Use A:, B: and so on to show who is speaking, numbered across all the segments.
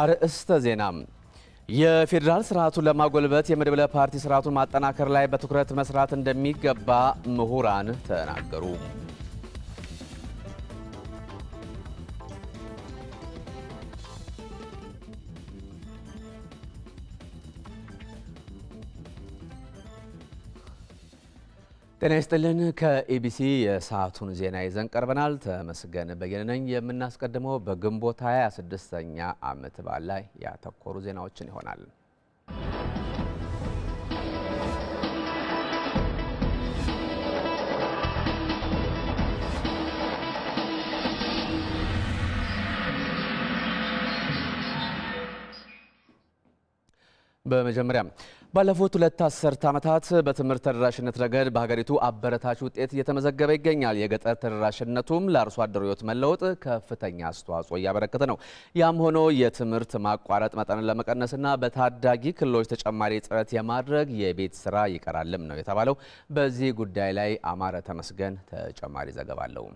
A: አርእስተ ዜና የፌዴራል ስርዓቱን ለማጎልበት የመድብለ ፓርቲ ስርዓቱን ማጠናከር ላይ በትኩረት መስራት እንደሚገባ ምሁራን ተናገሩ። ጤና ይስጥልን። ከኢቢሲ የሰዓቱን ዜና ይዘን ቀርበናል። ተመስገን በየነ ነኝ። የምናስቀድመው በግንቦት 26ኛ ዓመት በዓል ላይ ያተኮሩ ዜናዎችን ይሆናል። በመጀመሪያ ባለፉት ሁለት አስርት ዓመታት በትምህርት ተደራሽነት ረገድ በሀገሪቱ አበረታች ውጤት እየተመዘገበ ይገኛል። የገጠር ተደራሽነቱም ለአርሶ አደሩ ሕይወት መለወጥ ከፍተኛ አስተዋጽኦ እያበረከተ ነው። ያም ሆኖ የትምህርት ማቋረጥ መጠንን ለመቀነስና በታዳጊ ክልሎች ተጨማሪ ጥረት የማድረግ የቤት ስራ ይቀራልም ነው የተባለው። በዚህ ጉዳይ ላይ አማረ ተመስገን ተጨማሪ ዘገባ አለው።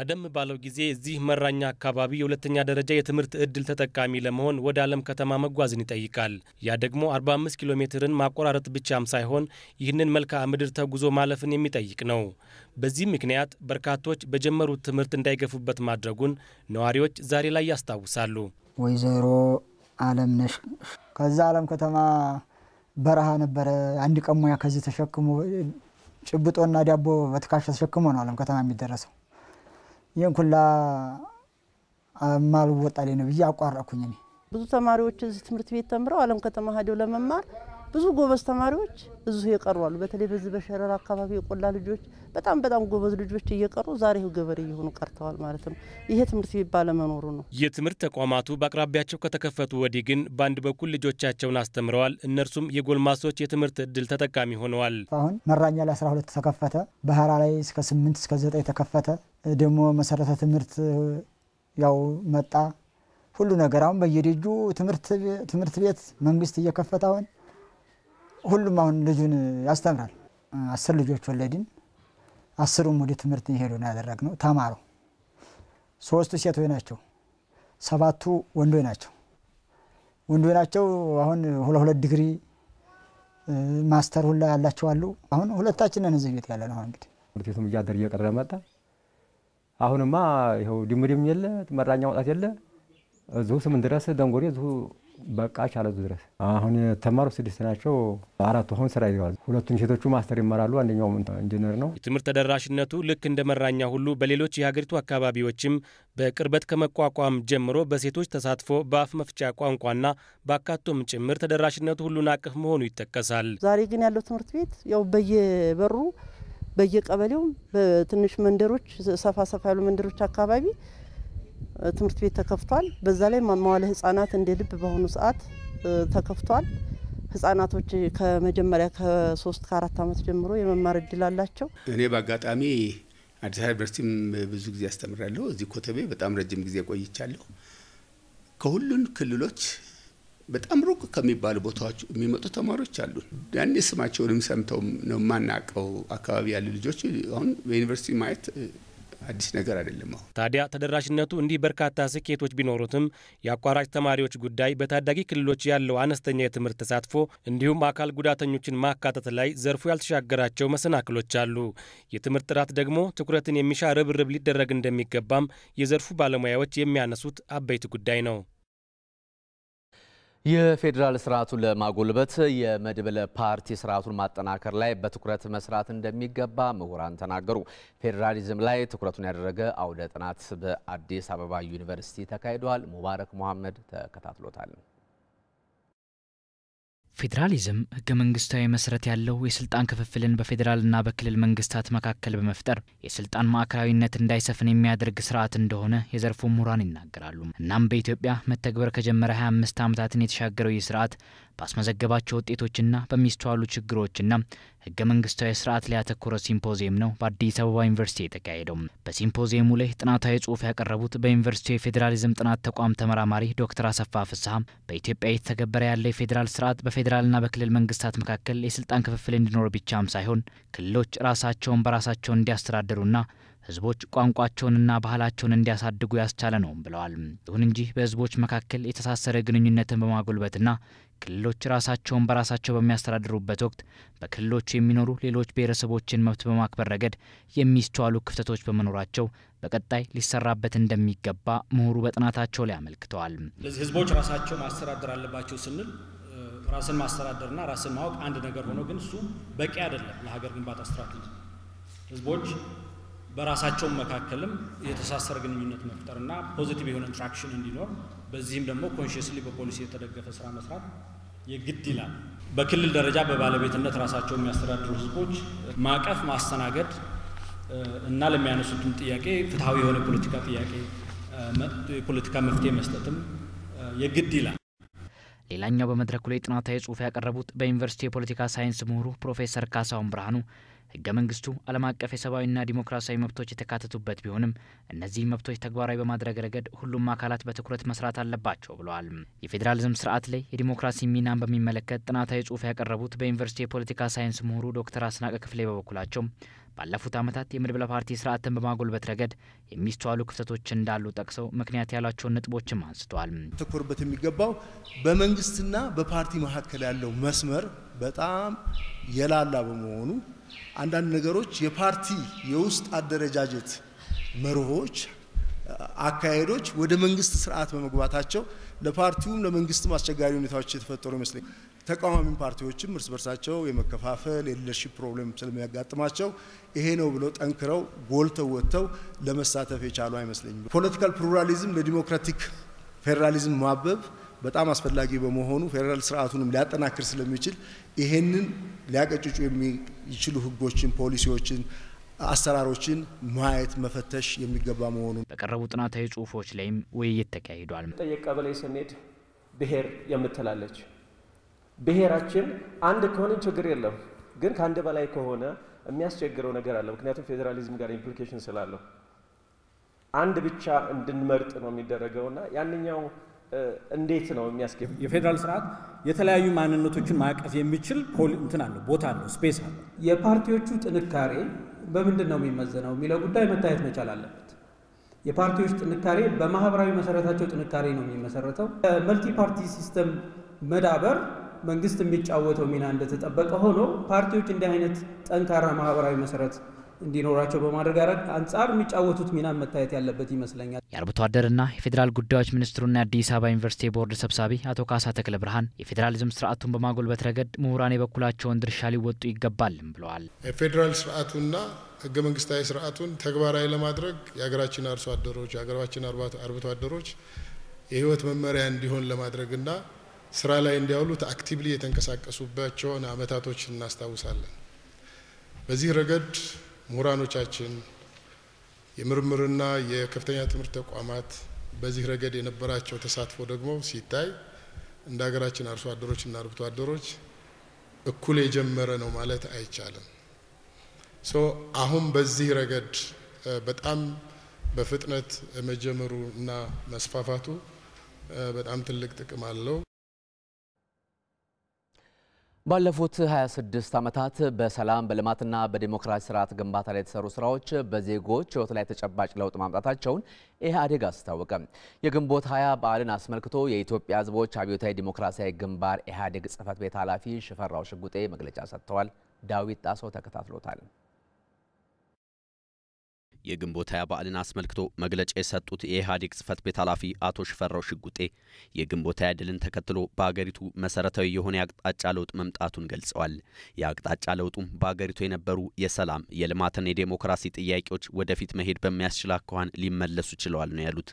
B: ቀደም ባለው ጊዜ እዚህ መራኛ አካባቢ የሁለተኛ ደረጃ የትምህርት እድል ተጠቃሚ ለመሆን ወደ አለም ከተማ መጓዝን ይጠይቃል። ያ ደግሞ 45 ኪሎ ሜትርን ማቆራረጥ ብቻም ሳይሆን ይህንን መልክዓ ምድር ተጉዞ ማለፍን የሚጠይቅ ነው። በዚህ ምክንያት በርካቶች በጀመሩት ትምህርት እንዳይገፉበት ማድረጉን ነዋሪዎች ዛሬ ላይ ያስታውሳሉ።
C: ወይዘሮ አለም ነሽ ከዛ አለም ከተማ በረሃ ነበረ። አንድ ቀን ሙያ ከዚህ ተሸክሞ ጭብጦና ዳቦ በትከሻ ተሸክሞ ነው አለም ከተማ የሚደረሰው። ይህን ኩላ ማልወጣ ላይ ነው ብዬ አቋረኩኝ። እኔ
D: ብዙ ተማሪዎች እዚህ ትምህርት ቤት ተምረው አለም ከተማ ሄደው ለመማር ብዙ ጎበዝ ተማሪዎች እዚሁ የቀሯሉ። በተለይ በዚህ በሸረራ አካባቢ የቆላ ልጆች በጣም በጣም ጎበዝ ልጆች እየቀሩ ዛሬ ገበሬ እየሆኑ ቀርተዋል ማለት ነው። ይሄ ትምህርት ቤት ባለመኖሩ ነው።
B: የትምህርት ተቋማቱ በአቅራቢያቸው ከተከፈቱ ወዲህ ግን በአንድ በኩል ልጆቻቸውን አስተምረዋል። እነርሱም የጎልማሶች የትምህርት እድል ተጠቃሚ ሆነዋል።
C: አሁን መራኛ ላይ 12 ተከፈተ፣ ባህራ ላይ እስከ 8 እስከ 9 ተከፈተ። ደግሞ መሰረተ ትምህርት ያው መጣ ሁሉ ነገር አሁን በየደጁ ትምህርት ቤት መንግስት እየከፈተ አሁን ሁሉም አሁን ልጁን ያስተምራል። አስር ልጆች ወለድን። አስሩም ወደ ትምህርት ሄዱ ነው ያደረግነው። ተማሩ። ሶስቱ ሴቶች ናቸው፣ ሰባቱ ወንዶች ናቸው። ወንዶች ናቸው አሁን ሁለት ሁለት ዲግሪ ማስተር ሁላ ያላቸው አሉ። አሁን ሁለታችንን እዚህ ቤት ያለን አሁን
E: እንግዲህ ትምህርት ቤቱም እያደር እየቀረ መጣ። አሁንማ ይኸው ድምድም የለ መራኛ መውጣት የለ እዚሁ ስምን ድረስ ደንጎሬ እዚሁ በቃ ቻለ እዚሁ ድረስ። አሁን የተማሩ ስድስት ናቸው። አራቱ አሁን ስራ ይዘዋል። ሁለቱን ሴቶቹ ማስተር ይመራሉ፣ አንደኛው ኢንጂነር ነው።
B: የትምህርት ተደራሽነቱ ልክ እንደ መራኛ ሁሉ በሌሎች የሀገሪቱ አካባቢዎችም በቅርበት ከመቋቋም ጀምሮ በሴቶች ተሳትፎ በአፍ መፍቻ ቋንቋና በአካቶም ጭምር ተደራሽነቱ ሁሉን አቅፍ መሆኑ ይጠቀሳል።
C: ዛሬ ግን ያለው ትምህርት ቤት ያው በየበሩ በየቀበሌውም በትንሽ መንደሮች ሰፋ ሰፋ ያሉ መንደሮች አካባቢ ትምህርት ቤት ተከፍቷል። በዛ ላይ ማዋለ ህጻናት እንደ ልብ በአሁኑ ሰዓት ተከፍቷል። ህጻናቶች ከመጀመሪያ ከሶስት ከአራት ዓመት ጀምሮ የመማር እድል አላቸው።
F: እኔ በአጋጣሚ አዲስ አበባ ዩኒቨርሲቲም ብዙ ጊዜ አስተምራለሁ። እዚህ ኮተቤ በጣም ረጅም ጊዜ ቆይቻለሁ። ከሁሉን ክልሎች በጣም ሩቅ ከሚባሉ ቦታዎች የሚመጡ ተማሪዎች አሉ። ያኔ ስማቸውንም ሰምተው ነው የማናውቀው አካባቢ ያሉ ልጆች አሁን በዩኒቨርሲቲ ማየት አዲስ ነገር አይደለም። አሁን
B: ታዲያ ተደራሽነቱ እንዲህ በርካታ ስኬቶች ቢኖሩትም የአቋራጭ ተማሪዎች ጉዳይ በታዳጊ ክልሎች ያለው አነስተኛ የትምህርት ተሳትፎ እንዲሁም አካል ጉዳተኞችን ማካተት ላይ ዘርፉ ያልተሻገራቸው መሰናክሎች አሉ። የትምህርት ጥራት ደግሞ ትኩረትን የሚሻ ርብርብ ሊደረግ እንደሚገባም የዘርፉ ባለሙያዎች የሚያነሱት አበይት ጉዳይ ነው።
A: የፌዴራል ስርዓቱን ለማጎልበት የመድበለ ፓርቲ ስርዓቱን ማጠናከር ላይ በትኩረት መስራት እንደሚገባ ምሁራን ተናገሩ። ፌዴራሊዝም ላይ ትኩረቱን ያደረገ አውደ ጥናት በአዲስ አበባ ዩኒቨርሲቲ ተካሂደዋል። ሙባረክ መሐመድ ተከታትሎታል።
G: ፌዴራሊዝም ህገ መንግስታዊ መሰረት ያለው የስልጣን ክፍፍልን በፌዴራልና በክልል መንግስታት መካከል በመፍጠር የስልጣን ማዕከላዊነት እንዳይሰፍን የሚያደርግ ስርዓት እንደሆነ የዘርፉ ምሁራን ይናገራሉ። እናም በኢትዮጵያ መተግበር ከጀመረ 25 ዓመታትን የተሻገረው ይህ ስርዓት ባስመዘገባቸው ውጤቶችና በሚስተዋሉ ችግሮችና ህገ መንግስታዊ ስርዓት ላይ ያተኮረ ሲምፖዚየም ነው በአዲስ አበባ ዩኒቨርሲቲ የተካሄደው። በሲምፖዚየሙ ላይ ጥናታዊ ጽሁፍ ያቀረቡት በዩኒቨርሲቲው የፌዴራሊዝም ጥናት ተቋም ተመራማሪ ዶክተር አሰፋ ፍስሀ በኢትዮጵያ እየተተገበረ ያለ የፌዴራል ስርዓት በፌዴራልና በክልል መንግስታት መካከል የስልጣን ክፍፍል እንዲኖር ብቻም ሳይሆን ክልሎች ራሳቸውን በራሳቸውን እንዲያስተዳድሩና ህዝቦች ቋንቋቸውንና ባህላቸውን እንዲያሳድጉ ያስቻለ ነው ብለዋል። ይሁን እንጂ በህዝቦች መካከል የተሳሰረ ግንኙነትን በማጎልበትና ክልሎች ራሳቸውን በራሳቸው በሚያስተዳድሩበት ወቅት በክልሎቹ የሚኖሩ ሌሎች ብሔረሰቦችን መብት በማክበር ረገድ የሚስተዋሉ ክፍተቶች በመኖራቸው በቀጣይ ሊሰራበት እንደሚገባ ምሁሩ በጥናታቸው ላይ አመልክተዋል። ስለዚህ ህዝቦች ራሳቸው ማስተዳደር አለባቸው ስንል ራስን ማስተዳደርና ራስን ማወቅ አንድ ነገር ሆኖ ግን እሱ በቂ አይደለም ለሀገር ግንባታ ስትራቴጂ። ህዝቦች በራሳቸው መካከልም የተሳሰረ ግንኙነት መፍጠርና ፖዚቲቭ የሆነ ኢንትራክሽን እንዲኖር በዚህም ደግሞ ኮንሽስሊ በፖሊሲ የተደገፈ ስራ መስራት የግድ ይላል። በክልል ደረጃ በባለቤትነት ራሳቸው የሚያስተዳድሩ ህዝቦች ማቀፍ ማስተናገድ እና ለሚያነሱትም ጥያቄ ፍትሐዊ የሆነ የፖለቲካ ጥያቄ የፖለቲካ መፍትሄ መስጠትም የግድ ይላል። ሌላኛው በመድረኩ ላይ ጥናታዊ ጽሁፍ ያቀረቡት በዩኒቨርሲቲ የፖለቲካ ሳይንስ ምሁሩ ፕሮፌሰር ካሳሁን ብርሃኑ ህገ መንግስቱ ዓለም አቀፍ የሰብአዊና ዲሞክራሲያዊ መብቶች የተካተቱበት ቢሆንም እነዚህ መብቶች ተግባራዊ በማድረግ ረገድ ሁሉም አካላት በትኩረት መስራት አለባቸው ብለዋል። የፌዴራሊዝም ስርዓት ላይ የዲሞክራሲ ሚናን በሚመለከት ጥናታዊ ጽሁፍ ያቀረቡት በዩኒቨርሲቲ የፖለቲካ ሳይንስ ምሁሩ ዶክተር አስናቀ ክፍሌ በበኩላቸው ባለፉት ዓመታት የመድብለ ፓርቲ ስርዓትን በማጎልበት ረገድ የሚስተዋሉ ክፍተቶች እንዳሉ ጠቅሰው ምክንያት ያሏቸውን ነጥቦችም አንስተዋል። ተኮርበት የሚገባው በመንግስትና በፓርቲ መካከል ያለው መስመር በጣም የላላ በመሆኑ አንዳንድ ነገሮች የፓርቲ የውስጥ አደረጃጀት መርሆች፣ አካሄዶች ወደ መንግስት ስርዓት በመግባታቸው ለፓርቲውም ለመንግስትም አስቸጋሪ ሁኔታዎች የተፈጠሩ ይመስለኛል። ተቃዋሚ ፓርቲዎችም እርስ በርሳቸው የመከፋፈል የሊደርሽፕ ፕሮብሌም ስለሚያጋጥማቸው ይሄ ነው ብለው ጠንክረው ጎልተው ወጥተው ለመሳተፍ የቻሉ አይመስለኝም። ፖለቲካል ፕሉራሊዝም ለዲሞክራቲክ ፌዴራሊዝም ማበብ በጣም አስፈላጊ በመሆኑ ፌዴራል ስርዓቱንም ሊያጠናክር ስለሚችል ይሄንን ሊያቀጭጩ የሚችሉ ህጎችን፣ ፖሊሲዎችን አሰራሮችን ማየት መፈተሽ የሚገባ መሆኑን በቀረቡ ጥናታዊ ጽሁፎች ላይም ውይይት ተካሂዷል። ጠየቀ በላይ ስንሄድ ብሄር የምትላለች ብሔራችን አንድ ከሆነ ችግር የለም። ግን ከአንድ በላይ ከሆነ የሚያስቸግረው ነገር አለ። ምክንያቱም ፌዴራሊዝም ጋር ኢምፕሊኬሽን ስላለው አንድ ብቻ እንድንመርጥ ነው የሚደረገውና ያንኛው እንዴት ነው የሚያስገብ የፌዴራል ስርዓት የተለያዩ ማንነቶችን ማዕቀፍ የሚችል እንትን አለው፣ ቦታ አለው፣ ስፔስ አለው። የፓርቲዎቹ ጥንካሬ በምንድን ነው የሚመዘነው የሚለው ጉዳይ መታየት መቻል አለበት። የፓርቲዎች ጥንካሬ በማህበራዊ መሰረታቸው ጥንካሬ ነው የሚመሰረተው። መልቲ ፓርቲ ሲስተም መዳበር መንግስት የሚጫወተው ሚና እንደተጠበቀ ሆኖ ፓርቲዎች እንዲህ አይነት ጠንካራ ማህበራዊ መሰረት እንዲኖራቸው በማድረግ አንጻር የሚጫወቱት ሚና መታየት ያለበት ይመስለኛል። የአርብቶ አደርና የፌዴራል ጉዳዮች ሚኒስትሩና የአዲስ አበባ ዩኒቨርሲቲ ቦርድ ሰብሳቢ አቶ ካሳ ተክለ ብርሃን የፌዴራሊዝም ስርዓቱን በማጎልበት ረገድ ምሁራን የበኩላቸውን ድርሻ ሊወጡ ይገባልም ብለዋል። የፌዴራል ስርዓቱና ህገ መንግስታዊ ስርዓቱን ተግባራዊ ለማድረግ የሀገራችን አርሶ አደሮች የሀገራችን አርብቶ አደሮች የህይወት መመሪያ እንዲሆን ለማድረግና ስራ ላይ እንዲያውሉት አክቲቭሊ የተንቀሳቀሱባቸውን አመታቶች እናስታውሳለን። በዚህ ረገድ ምሁራኖቻችን፣ የምርምርና የከፍተኛ ትምህርት ተቋማት በዚህ ረገድ የነበራቸው ተሳትፎ ደግሞ ሲታይ እንደ ሀገራችን አርሶ አደሮችና አርብቶ አደሮች እኩል የጀመረ ነው ማለት አይቻልም። ሶ አሁን በዚህ ረገድ በጣም በፍጥነት መጀመሩ እና መስፋፋቱ በጣም ትልቅ ጥቅም አለው። ባለፉት 26 ዓመታት በሰላም በልማትና በዲሞክራሲ ስርዓት ግንባታ ላይ የተሰሩ ስራዎች በዜጎች ህይወት ላይ ተጨባጭ ለውጥ ማምጣታቸውን ኢህአዴግ አስታወቀ። የግንቦት 20 በዓልን አስመልክቶ የኢትዮጵያ ህዝቦች አብዮታዊ ዲሞክራሲያዊ ግንባር ኢህአዴግ ጽህፈት ቤት ኃላፊ ሽፈራው ሽጉጤ መግለጫ ሰጥተዋል። ዳዊት ጣሰው ተከታትሎታል። የግንቦት ሃያ በዓልን አስመልክቶ መግለጫ የሰጡት የኢህአዴግ ጽህፈት ቤት ኃላፊ አቶ ሽፈራው ሽጉጤ የግንቦት ሃያ ድልን ተከትሎ በአገሪቱ መሰረታዊ የሆነ የአቅጣጫ ለውጥ መምጣቱን ገልጸዋል። የአቅጣጫ ለውጡም በአገሪቱ የነበሩ የሰላም የልማትና የዴሞክራሲ ጥያቄዎች ወደፊት መሄድ በሚያስችል አኳኋን ሊመለሱ ችለዋል ነው ያሉት።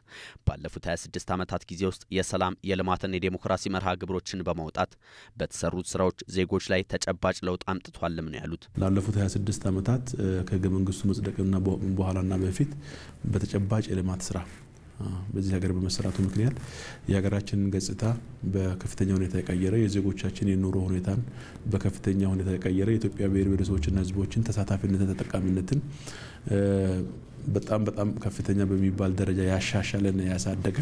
G: ባለፉት 26 ዓመታት ጊዜ ውስጥ የሰላም የልማትና የዴሞክራሲ መርሃ ግብሮችን በማውጣት በተሰሩት ስራዎች ዜጎች ላይ ተጨባጭ ለውጥ አምጥቷልም ነው ያሉት። ላለፉት 26 ዓመታት ከህገ መንግስቱ መጽደቅና በኋላ ከአምራና በፊት በተጨባጭ የልማት ስራ በዚህ ሀገር በመሰራቱ ምክንያት የሀገራችንን ገጽታ በከፍተኛ ሁኔታ የቀየረ የዜጎቻችን የኑሮ ሁኔታን በከፍተኛ ሁኔታ የቀየረ የኢትዮጵያ ብሔር ብሔረሰቦችና ሕዝቦችን ተሳታፊነትን ተጠቃሚነትን በጣም በጣም ከፍተኛ በሚባል ደረጃ ያሻሻለና ያሳደገ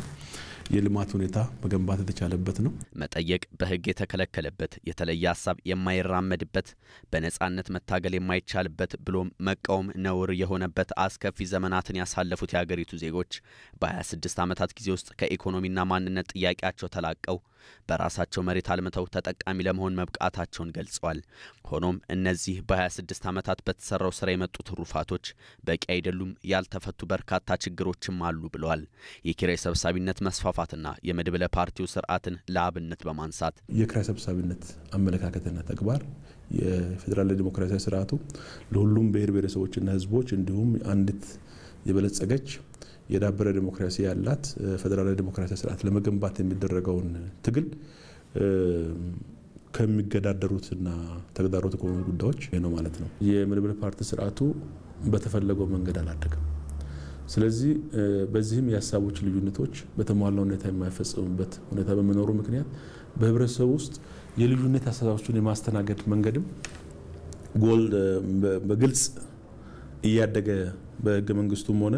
G: የልማት ሁኔታ መገንባት የተቻለበት ነው። መጠየቅ በህግ የተከለከለበት፣ የተለየ ሀሳብ የማይራመድበት፣ በነጻነት መታገል የማይቻልበት ብሎም መቃወም ነውር የሆነበት አስከፊ ዘመናትን ያሳለፉት የሀገሪቱ ዜጎች በ26 ዓመታት ጊዜ ውስጥ ከኢኮኖሚና ማንነት ጥያቄያቸው ተላቀው በራሳቸው መሬት አልምተው ተጠቃሚ ለመሆን መብቃታቸውን ገልጸዋል። ሆኖም እነዚህ በ26 ዓመታት በተሰራው ስራ የመጡ ትሩፋቶች በቂ አይደሉም፣ ያልተፈቱ በርካታ ችግሮችም አሉ ብለዋል። የኪራይ ሰብሳቢነት መስፋፋ ማስፋፋትና የመድብለ ፓርቲው ስርዓትን ለአብነት በማንሳት የክራይ ሰብሳቢነት አመለካከትና ተግባር የፌዴራል ዲሞክራሲያዊ ስርዓቱ ለሁሉም ብሔር ብሔረሰቦችና ህዝቦች እንዲሁም አንዲት የበለጸገች የዳበረ ዲሞክራሲ ያላት ፌዴራል ዲሞክራሲያዊ ስርዓት ለመገንባት የሚደረገውን ትግል ከሚገዳደሩትና ተግዳሮት ከሆኑ ጉዳዮች ነው ማለት ነው። የመድብለ ፓርቲ ስርዓቱ በተፈለገው መንገድ አላደገም። ስለዚህ በዚህም የሀሳቦች ልዩነቶች በተሟላ ሁኔታ የማይፈጸሙበት ሁኔታ በመኖሩ ምክንያት በህብረተሰቡ ውስጥ የልዩነት ሀሳቦችን የማስተናገድ መንገድም ጎል በግልጽ እያደገ በህገ መንግስቱም ሆነ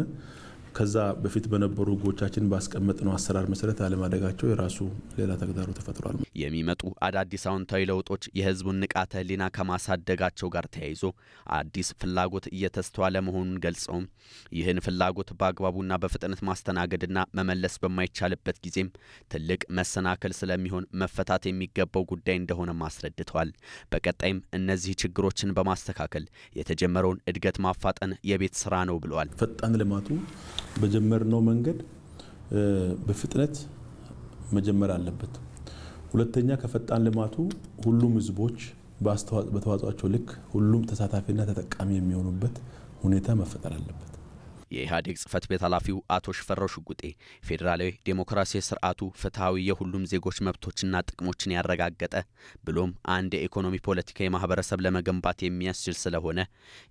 G: ከዛ በፊት በነበሩ ህጎቻችን ባስቀመጥነው አሰራር መሰረት አለማደጋቸው የራሱ ሌላ ተግዳሮ ተፈጥሯል። የሚመጡ አዳዲስ አዎንታዊ ለውጦች የህዝቡን ንቃተ ህሊና ከማሳደጋቸው ጋር ተያይዞ አዲስ ፍላጎት እየተስተዋለ መሆኑን ገልጸውም ይህን ፍላጎት በአግባቡና በፍጥነት ማስተናገድና መመለስ በማይቻልበት ጊዜም ትልቅ መሰናክል ስለሚሆን መፈታት የሚገባው ጉዳይ እንደሆነ አስረድተዋል። በቀጣይም እነዚህ ችግሮችን በማስተካከል የተጀመረውን እድገት ማፋጠን የቤት ስራ ነው ብለዋል። ፈጣን ልማቱ በጀመርነው መንገድ በፍጥነት መጀመር አለበት። ሁለተኛ ከፈጣን ልማቱ ሁሉም ህዝቦች በተዋጽኦአቸው ልክ ሁሉም ተሳታፊና ተጠቃሚ የሚሆኑበት ሁኔታ መፈጠር አለበት። የኢህአዴግ ጽህፈት ቤት ኃላፊው አቶ ሽፈራው ሽጉጤ ፌዴራላዊ ዴሞክራሲያዊ ስርዓቱ ፍትሐዊ የሁሉም ዜጎች መብቶችና ጥቅሞችን ያረጋገጠ ብሎም አንድ የኢኮኖሚ ፖለቲካዊ ማህበረሰብ ለመገንባት የሚያስችል ስለሆነ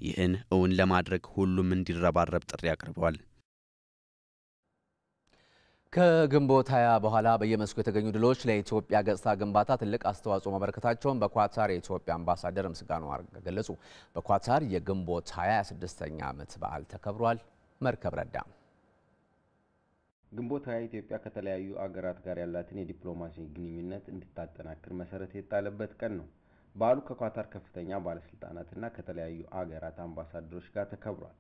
G: ይህን እውን ለማድረግ ሁሉም እንዲረባረብ ጥሪ አቅርበዋል። ከግንቦት ሀያ በኋላ በየመስኩ የተገኙ ድሎች ለኢትዮጵያ ገጽታ ግንባታ ትልቅ አስተዋጽኦ ማበረከታቸውን በኳታር የኢትዮጵያ አምባሳደር ምስጋኑ አርጋ ገለጹ። በኳታር የግንቦት 26ኛ ዓመት በዓል ተከብሯል። መርከብ ረዳ ግንቦት ኢትዮጵያ ከተለያዩ አገራት ጋር ያላትን የዲፕሎማሲ ግንኙነት እንድታጠናክር መሰረት የጣለበት ቀን ነው። በዓሉ ከኳታር ከፍተኛ ባለስልጣናትና ከተለያዩ አገራት አምባሳደሮች ጋር ተከብሯል።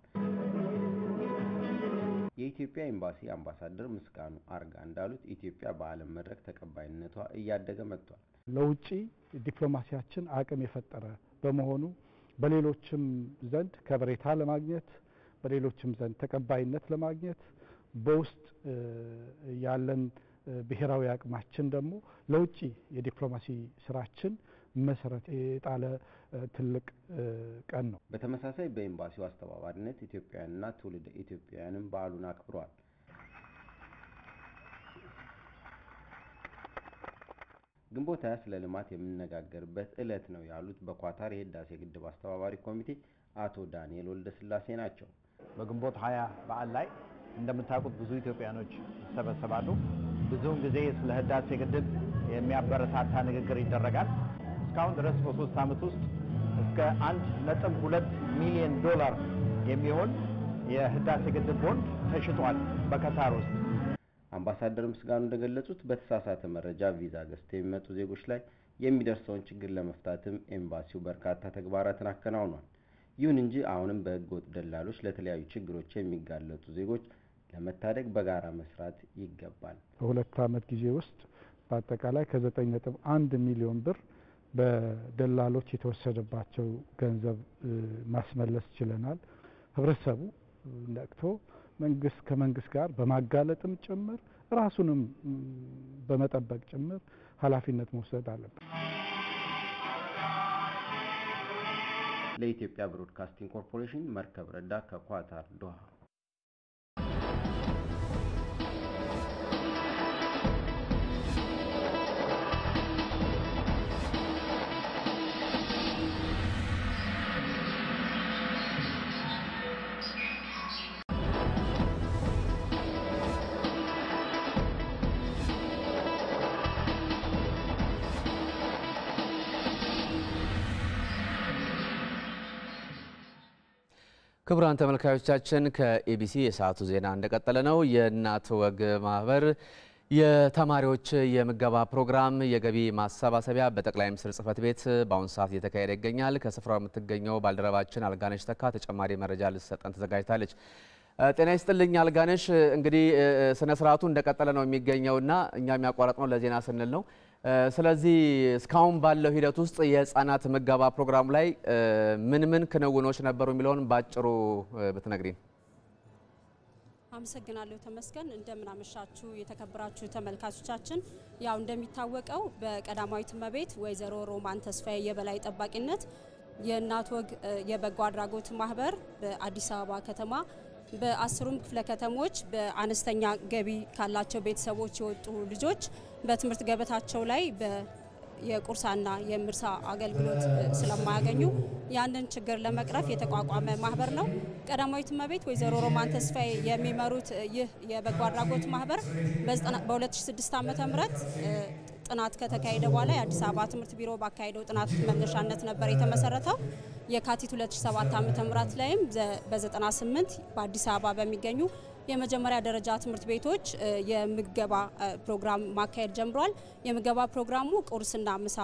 G: የኢትዮጵያ ኤምባሲ አምባሳደር ምስጋኑ አርጋ እንዳሉት ኢትዮጵያ በዓለም መድረክ ተቀባይነቷ እያደገ መጥቷል። ለውጭ ዲፕሎማሲያችን አቅም የፈጠረ በመሆኑ በሌሎችም ዘንድ ከበሬታ ለማግኘት በሌሎችም ዘንድ ተቀባይነት ለማግኘት በውስጥ ያለን ብሔራዊ አቅማችን ደግሞ ለውጭ የዲፕሎማሲ ስራችን መሰረት የጣለ ትልቅ ቀን ነው። በተመሳሳይ በኤምባሲው አስተባባሪነት ኢትዮጵያውያንና ትውልድ ኢትዮጵያውያንም በዓሉን አክብረዋል። ግንቦት ሃያ ስለ ልማት የምንነጋገርበት ዕለት ነው ያሉት በኳታር የህዳሴ ግድብ አስተባባሪ ኮሚቴ አቶ ዳንኤል ወልደስላሴ ናቸው። በግንቦት ሃያ በዓል ላይ እንደምታውቁት ብዙ ኢትዮጵያኖች ይሰበሰባሉ። ብዙውን ጊዜ ስለ ህዳሴ ግድብ የሚያበረታታ ንግግር ይደረጋል። እስካሁን ድረስ በሶስት ዓመት ውስጥ እስከ 1.2 ሚሊዮን ዶላር የሚሆን የህዳሴ ግድብ ቦንድ ተሽጧል በከታር ውስጥ። አምባሳደር ምስጋኑ እንደገለጹት በተሳሳተ መረጃ ቪዛ ገዝተው የሚመጡ ዜጎች ላይ የሚደርሰውን ችግር ለመፍታትም ኤምባሲው በርካታ ተግባራትን አከናውኗል። ይሁን እንጂ አሁንም በህገ ወጥ ደላሎች ለተለያዩ ችግሮች የሚጋለጡ ዜጎች ለመታደግ በጋራ መስራት ይገባል። በሁለት ዓመት ጊዜ ውስጥ በአጠቃላይ ከ 91 ሚሊዮን ብር በደላሎች የተወሰደባቸው ገንዘብ ማስመለስ ችለናል። ህብረተሰቡ ነቅቶ መንግስት ከመንግስት ጋር በማጋለጥም ጭምር ራሱንም በመጠበቅ ጭምር ኃላፊነት መውሰድ አለበት። ለኢትዮጵያ ብሮድካስቲንግ ኮርፖሬሽን መርከብ ረዳ ከኳታር ዶሃ ክቡራን ተመልካዮቻችን ከኤቢሲ የሰዓቱ ዜና እንደቀጠለ ነው። የእናት ወግ ማህበር የተማሪዎች የምገባ ፕሮግራም የገቢ ማሰባሰቢያ በጠቅላይ ሚኒስትር ጽህፈት ቤት በአሁኑ ሰዓት እየተካሄደ ይገኛል። ከስፍራው የምትገኘው ባልደረባችን አልጋነሽ ተካ ተጨማሪ መረጃ ልትሰጠን ተዘጋጅታለች። ጤና ይስጥልኝ አልጋነሽ። እንግዲህ ስነስርዓቱ እንደቀጠለ ነው የሚገኘውና የሚያቋረጥ ነው ለዜና ስንል ነው። ስለዚህ እስካሁን ባለው ሂደት ውስጥ የህፃናት ምገባ ፕሮግራሙ ላይ ምን ምን ክንውኖች ነበሩ የሚለውን ባጭሩ ብትነግሪን። አመሰግናለሁ ተመስገን። እንደምናመሻችሁ የተከበራችሁ ተመልካቾቻችን፣ ያው እንደሚታወቀው በቀዳማዊት እመቤት ወይዘሮ ሮማን ተስፋዬ የበላይ ጠባቂነት የእናት ወግ የበጎ አድራጎት ማህበር በአዲስ አበባ ከተማ በአስሩም ክፍለ ከተሞች በአነስተኛ ገቢ ካላቸው ቤተሰቦች የወጡ ልጆች በትምህርት ገበታቸው ላይ የቁርሳና የምርሳ አገልግሎት ስለማያገኙ ያንን ችግር ለመቅረፍ የተቋቋመ ማህበር ነው። ቀዳማዊት እመቤት ወይዘሮ ሮማን ተስፋዬ የሚመሩት ይህ የበጎ አድራጎት ማህበር በ2006 ም ጥናት ከተካሄደ በኋላ የአዲስ አበባ ትምህርት ቢሮ ባካሄደው ጥናት መነሻነት ነበር የተመሰረተው። የካቲት 2007 ዓ ም ላይም በ98 በአዲስ አበባ በሚገኙ የመጀመሪያ ደረጃ ትምህርት ቤቶች የምገባ ፕሮግራም ማካሄድ ጀምሯል። የምገባ ፕሮግራሙ ቁርስና ምሳ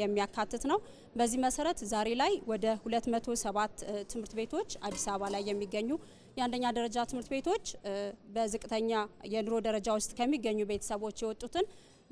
G: የሚያካትት ነው። በዚህ መሰረት ዛሬ ላይ ወደ 207 ትምህርት ቤቶች አዲስ አበባ ላይ የሚገኙ የአንደኛ ደረጃ ትምህርት ቤቶች በዝቅተኛ የኑሮ ደረጃ ውስጥ ከሚገኙ ቤተሰቦች የወጡትን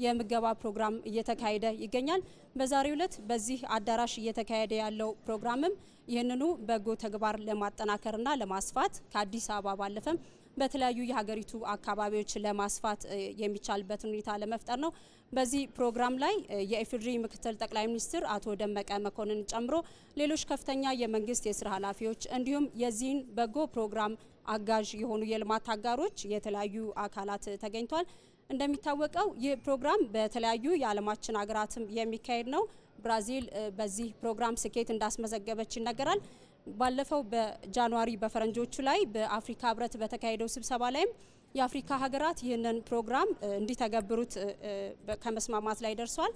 G: የምገባ ፕሮግራም እየተካሄደ ይገኛል። በዛሬው ዕለት በዚህ አዳራሽ እየተካሄደ ያለው ፕሮግራምም ይህንኑ በጎ ተግባር ለማጠናከርና ለማስፋት ከአዲስ አበባ ባለፈም በተለያዩ የሀገሪቱ አካባቢዎች ለማስፋት የሚቻልበትን ሁኔታ ለመፍጠር ነው። በዚህ ፕሮግራም ላይ የኢፌዴሪ ምክትል ጠቅላይ ሚኒስትር አቶ ደመቀ መኮንን ጨምሮ ሌሎች ከፍተኛ የመንግስት የስራ ኃላፊዎች እንዲሁም የዚህን በጎ ፕሮግራም አጋዥ የሆኑ የልማት አጋሮች የተለያዩ አካላት ተገኝቷል። እንደሚታወቀው ይህ ፕሮግራም በተለያዩ የዓለማችን ሀገራትም የሚካሄድ ነው። ብራዚል በዚህ ፕሮግራም ስኬት እንዳስመዘገበች ይነገራል። ባለፈው በጃንዋሪ በፈረንጆቹ ላይ በአፍሪካ ህብረት በተካሄደው ስብሰባ ላይም የአፍሪካ ሀገራት ይህንን ፕሮግራም እንዲተገብሩት ከመስማማት ላይ ደርሷል።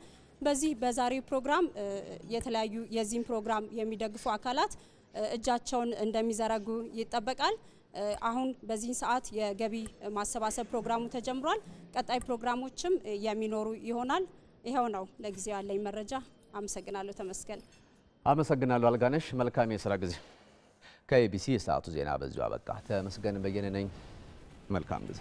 G: በዚህ በዛሬው ፕሮግራም የተለያዩ የዚህም ፕሮግራም የሚደግፉ አካላት እጃቸውን እንደሚዘረጉ ይጠበቃል። አሁን በዚህ ሰዓት የገቢ ማሰባሰብ ፕሮግራሙ ተጀምሯል። ቀጣይ ፕሮግራሞችም የሚኖሩ ይሆናል። ይኸው ነው ለጊዜው ያለኝ መረጃ። አመሰግናለሁ። ተመስገን። አመሰግናለሁ አልጋነሽ። መልካም የስራ ጊዜ። ከኤቢሲ የሰዓቱ ዜና በዚሁ አበቃ። ተመስገን በየነ ነኝ። መልካም ጊዜ